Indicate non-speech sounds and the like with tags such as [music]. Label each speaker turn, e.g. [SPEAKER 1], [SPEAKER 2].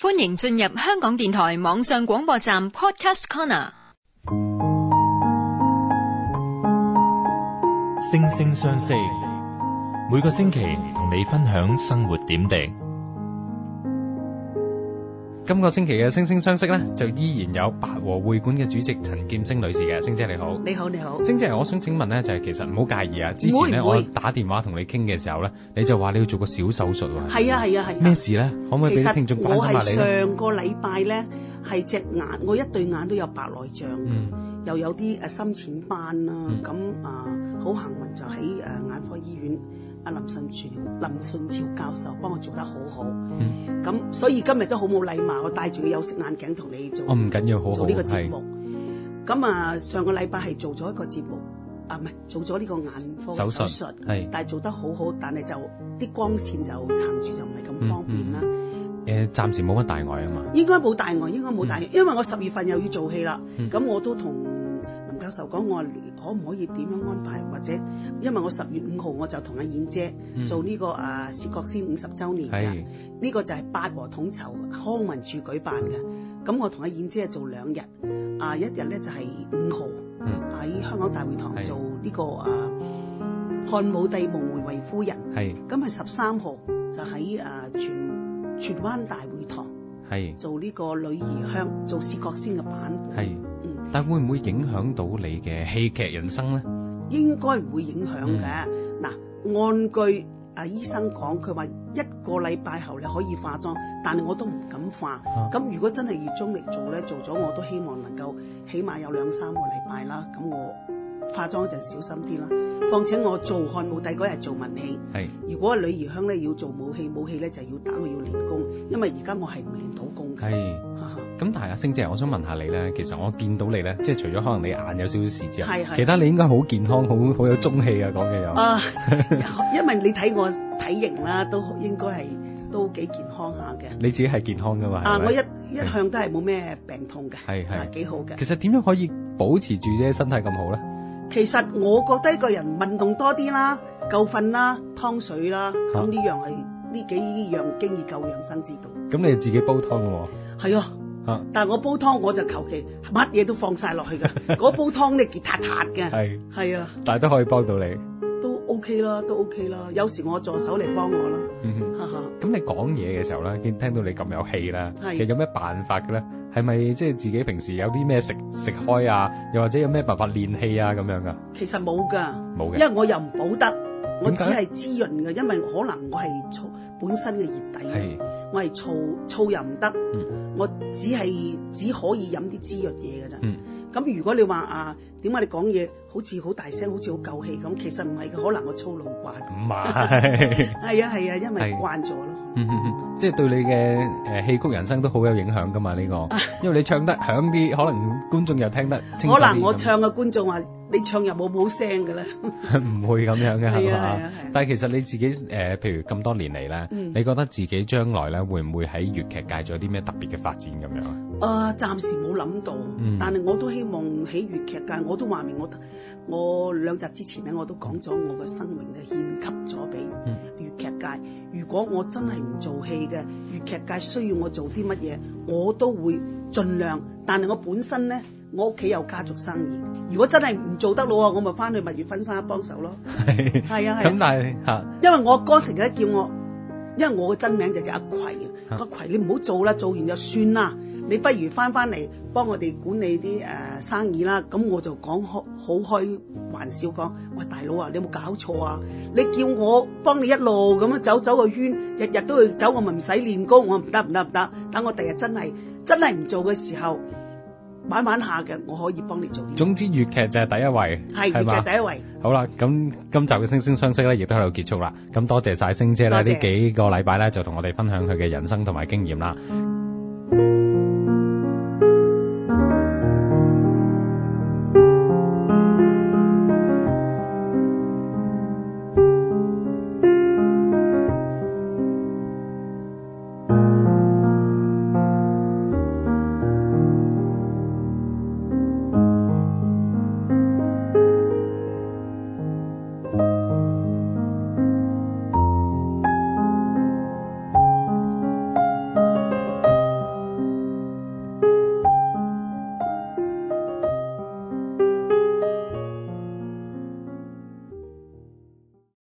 [SPEAKER 1] 歡迎進入香港電台網上廣播站 Podcast Corner，星聲相識，每個星期同你分享生活點滴。今個星期嘅星聲相識咧，就依然有八和會館嘅主席陳劍聲女士嘅，星姐你好,你好，
[SPEAKER 2] 你好你好，星
[SPEAKER 1] 姐，我想請問咧，就係、是、其實唔好介意啊，之前咧會我打電話同你傾嘅時候咧，你就話你要做個小手術、啊，係
[SPEAKER 2] 啊係啊係，咩、
[SPEAKER 1] 啊、事咧？可唔可以俾聽眾關心下你？我係上
[SPEAKER 2] 個禮拜咧，係隻眼，我一對眼都有白內障。嗯又有啲誒深淺斑啦，咁、嗯、啊好幸運就喺誒眼科醫院，阿林順潮林順潮教授幫我做得好好，咁所以今日都好冇禮貌，我戴住個有色眼鏡同你做，唔
[SPEAKER 1] 緊要，好好做呢個節目。
[SPEAKER 2] 咁啊是、嗯、上個禮拜係做咗一個節目，啊唔係做咗呢個眼科手術，係，但係做得好好，但係就啲光線就撐住就唔係咁方
[SPEAKER 1] 便啦。誒暫、嗯嗯嗯嗯呃、時冇乜大礙啊嘛，
[SPEAKER 2] 應該冇大礙應該冇大礙，因為我十月份又要做戲啦，咁我都同。教授講，我可唔可以點樣安排，或者因為我十月五號我就同阿燕姐做呢、這個、嗯、啊薛覺先五十週年嘅，呢是個就係八和統籌康文處舉辦嘅。咁、嗯、我同阿燕姐做兩日，啊一日咧就係五號喺香港大會堂做呢、這個是啊漢武帝夢會衛夫人，咁係十三號就喺啊荃荃灣大會堂是做呢個女兒香，做薛覺先嘅版本。
[SPEAKER 1] 是但會唔會影響到你嘅戲劇人生呢？
[SPEAKER 2] 應該唔會影響嘅。嗱、嗯，按據啊醫生講，佢話一個禮拜後你可以化妝，但係我都唔敢化。咁、啊、如果真係要中力做呢？做咗我都希望能夠起碼有兩三個禮拜啦。咁我。化妝嗰陣小心啲啦，況且我做漢武帝嗰日做文戲，是如果女兒香咧要做武戲，武戲咧就要打佢要練功，因為而家我係唔練到功嘅。係
[SPEAKER 1] 是，咁、嗯、但係阿星姐，我想問下你咧，其實我見到你咧，即係除咗可能你眼有少少事之外，是是其他你應該好健康，是好好有中氣啊，講嘅又。啊，
[SPEAKER 2] 因為你睇我體型啦、啊，都應該係都幾健康下嘅。
[SPEAKER 1] 你自己係健康㗎嘛？是是啊，我一一向都係
[SPEAKER 2] 冇咩病痛嘅，係係幾好嘅。其實
[SPEAKER 1] 點樣可以保持住啫身體咁好咧？
[SPEAKER 2] 其實我覺得一個人運動多啲啦，夠瞓啦，湯水啦，咁呢、啊、樣係呢幾樣經已夠養生之道。咁
[SPEAKER 1] 你自己煲湯嘅、哦、喎。係啊。嚇、啊！
[SPEAKER 2] 但係我煲湯我就求其乜嘢都放晒落去嘅，嗰 [laughs] 煲湯咧結撻撻嘅。係 [laughs] 是。係啊。
[SPEAKER 1] 但係都可以幫到你。
[SPEAKER 2] O K 啦，都 O K 啦。有時我助手嚟幫我啦。
[SPEAKER 1] 咁、嗯、哼哈你講嘢嘅時候咧，見聽到你咁有氣啦，是其實有咩辦法嘅咧？係咪即係自己平時有啲咩食食開啊？又或者有咩辦法練氣啊？咁樣噶？
[SPEAKER 2] 其實冇噶，冇嘅。因為我又唔補得，我只係滋潤嘅。因為可能我係燥本身嘅熱底，是我係燥燥又唔得。嗯、我只係只可以飲啲滋潤嘢噶咋。咁、嗯、如果你話啊？點解你講嘢好似好大聲，好似好夠氣咁？其實唔係嘅，可能我粗魯慣。唔係。係啊係啊，因為慣咗咯。嗯嗯嗯，
[SPEAKER 1] 即係對你嘅誒戲曲人生都好有影響噶嘛呢個。因為你唱得響啲，可能觀眾又聽得清楚啲。可能我唱
[SPEAKER 2] 嘅觀眾話：你唱又冇冇好聲嘅啦。唔
[SPEAKER 1] 會咁樣嘅，係嘛？但係其實你自己誒，譬如咁多年嚟咧，你覺得自己將來咧會唔會喺粵劇界做啲
[SPEAKER 2] 咩特別嘅發展咁樣？誒，暫時冇諗到，但係我都希望喺粵劇界。我都話明我，我兩集之前咧，我都講咗我嘅生命咧獻給咗俾粵劇界。如果我真係唔做戲嘅，粵劇界需要我做啲乜嘢，我都會盡量。但係我本身咧，我屋企有家族生意，如果真係唔做得咯，我咪翻去蜜月婚紗幫手咯。
[SPEAKER 1] 係，係啊，大啊。啊 [laughs]
[SPEAKER 2] 因為我哥成日都叫我，因為我個真名就叫阿葵啊。阿葵，你唔好做啦，做完就算啦。你不如翻翻嚟幫我哋管理啲誒、呃、生意啦，咁我就講好開玩笑講，喂大佬啊，你有冇搞錯啊？你叫我幫你一路咁樣走走個圈，日日都去走，我咪唔使練功。我唔得唔得唔得，等我第日真係真係唔做嘅時候，慢慢下嘅，我可以幫你做。
[SPEAKER 1] 總之粵劇就係第一位，粵劇就係第一位。好啦，咁今集嘅星聲相識咧，亦都喺度結束啦。咁多謝晒星姐咧，呢幾個禮拜咧就同我哋分享佢嘅人生同埋經驗啦。多謝。